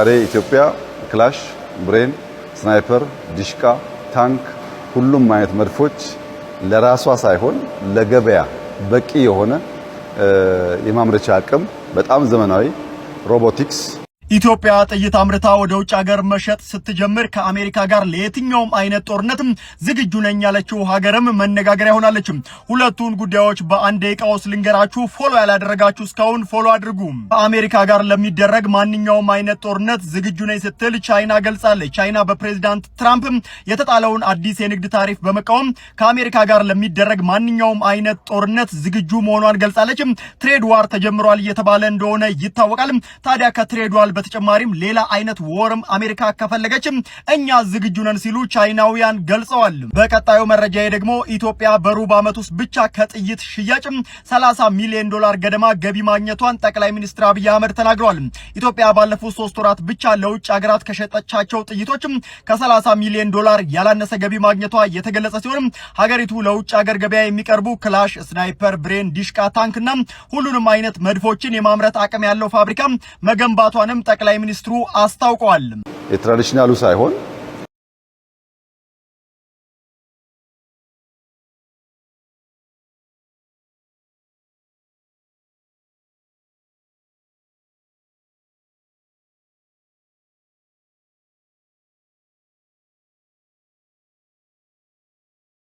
ዛሬ ኢትዮጵያ ክላሽ፣ ብሬን፣ ስናይፐር፣ ዲሽቃ፣ ታንክ፣ ሁሉም አይነት መድፎች ለራሷ ሳይሆን ለገበያ በቂ የሆነ የማምረቻ አቅም በጣም ዘመናዊ ሮቦቲክስ ኢትዮጵያ ጥይት አምርታ ወደ ውጭ ሀገር መሸጥ ስትጀምር ከአሜሪካ ጋር ለየትኛውም አይነት ጦርነትም ዝግጁ ነኝ ያለችው ሀገርም መነጋገሪያ ሆናለች። ሁለቱን ጉዳዮች በአንድ ደቂቃ ውስጥ ልንገራችሁ። ፎሎ ያላደረጋችሁ እስካሁን ፎሎ አድርጉ። ከአሜሪካ ጋር ለሚደረግ ማንኛውም አይነት ጦርነት ዝግጁ ነኝ ስትል ቻይና ገልጻለች። ቻይና በፕሬዚዳንት ትራምፕ የተጣለውን አዲስ የንግድ ታሪፍ በመቃወም ከአሜሪካ ጋር ለሚደረግ ማንኛውም አይነት ጦርነት ዝግጁ መሆኗን ገልጻለች። ትሬድ ዋር ተጀምሯል እየተባለ እንደሆነ ይታወቃል። ታዲያ ከትሬድ ዋር በተጨማሪም ሌላ አይነት ወርም አሜሪካ ከፈለገችም እኛ ዝግጁ ነን ሲሉ ቻይናውያን ገልጸዋል። በቀጣዩ መረጃ ደግሞ ኢትዮጵያ በሩብ ዓመት ውስጥ ብቻ ከጥይት ሽያጭም 30 ሚሊዮን ዶላር ገደማ ገቢ ማግኘቷን ጠቅላይ ሚኒስትር አብይ አህመድ ተናግረዋል። ኢትዮጵያ ባለፉት ሶስት ወራት ብቻ ለውጭ ሀገራት ከሸጠቻቸው ጥይቶችም ከ30 ሚሊዮን ዶላር ያላነሰ ገቢ ማግኘቷ የተገለጸ ሲሆንም ሀገሪቱ ለውጭ ሀገር ገበያ የሚቀርቡ ክላሽ፣ ስናይፐር፣ ብሬን፣ ዲሽቃ፣ ታንክና ሁሉንም አይነት መድፎችን የማምረት አቅም ያለው ፋብሪካ መገንባቷንም ጠቅላይ ሚኒስትሩ አስታውቀዋል። የትራዲሽናሉ ሳይሆን